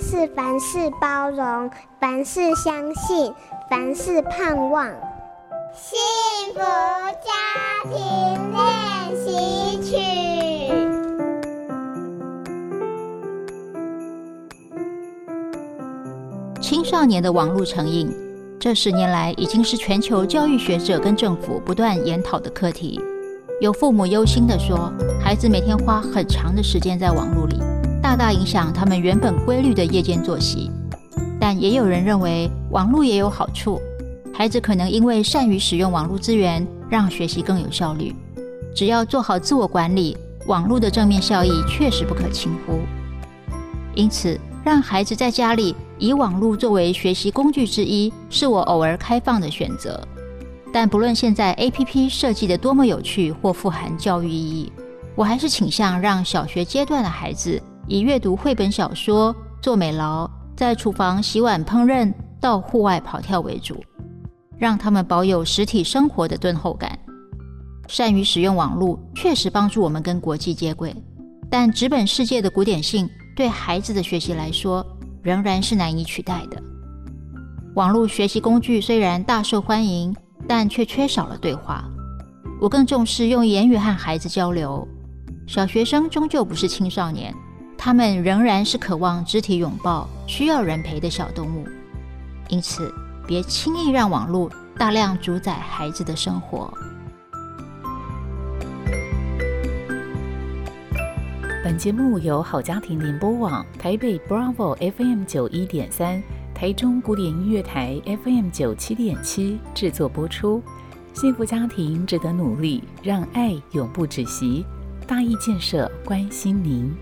是凡事包容，凡事相信，凡事盼望。幸福家庭練習曲。青少年的網絡成癮，這十年來已經是全球教育學者跟政府不斷研討的課題。有父母憂心地說，孩子每天花很長的時間在網絡裡。大大影響他們原本規律的夜間作息，但也有人認為網絡也有好處，孩子可能因為善於使用網絡資源，讓學習更有效率。只要做好自我管理，網絡的正面效益確實不可輕忽。因此，讓孩子在家裡以網絡作為學習工具之一，是我偶爾開放的選擇。但不論現在 APP 設計得多麼有趣或富含教育意義，我還是傾向讓小學階段的孩子。以閱讀繪本小說、做美勞、在廚房洗碗烹飪、到戶外跑跳為主，讓他們保有實體生活的敦厚感。善於使用網路確實幫助我們跟國際接軌，但紙本世界的古典性對孩子的學習來說仍然是難以取代的。網路學習工具雖然大受歡迎，但卻缺少了對話。我更重視用言語和孩子交流。小學生終究不是青少年。他們仍然是渴望肢體擁抱、需要人陪的小動物，因此別輕易讓網絡大量主宰孩子的生活。本節目由好家庭聯播網、台北 Bravo FM 九一點三、台中古典音樂台 FM 九七點七制作播出。幸福家庭值得努力，讓愛永不止息。大義建設關心您。